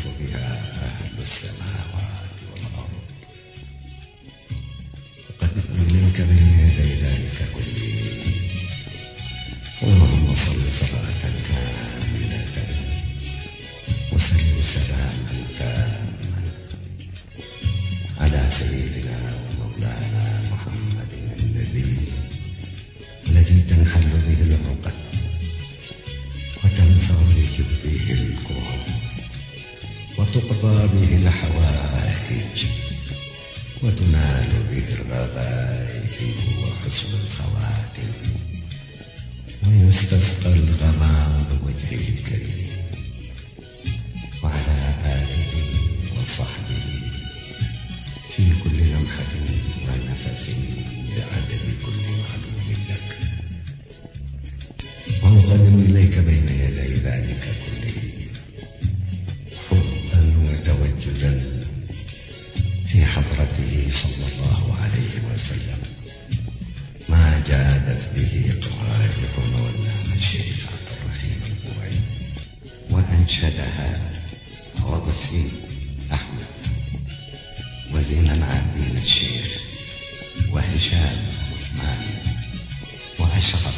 يطوف بها أهل السماوات والأرض وقد ابن منك بين يدي ذلك كله اللهم صل صلاة وتنال بالرغائف وحسن الخواتم ويستسقى الغمام بوجهه الكريم وعلى آله وصحبه في كل لمحة ونفس بعدد كل معلوم لك وانضم إليك بين صلى الله عليه وسلم ما جادت به قرائه ولا الشيخ عبد الرحيم البوعي وأنشدها وبسيم أحمد وزين العابدين الشيخ وهشام عثمان وأشرف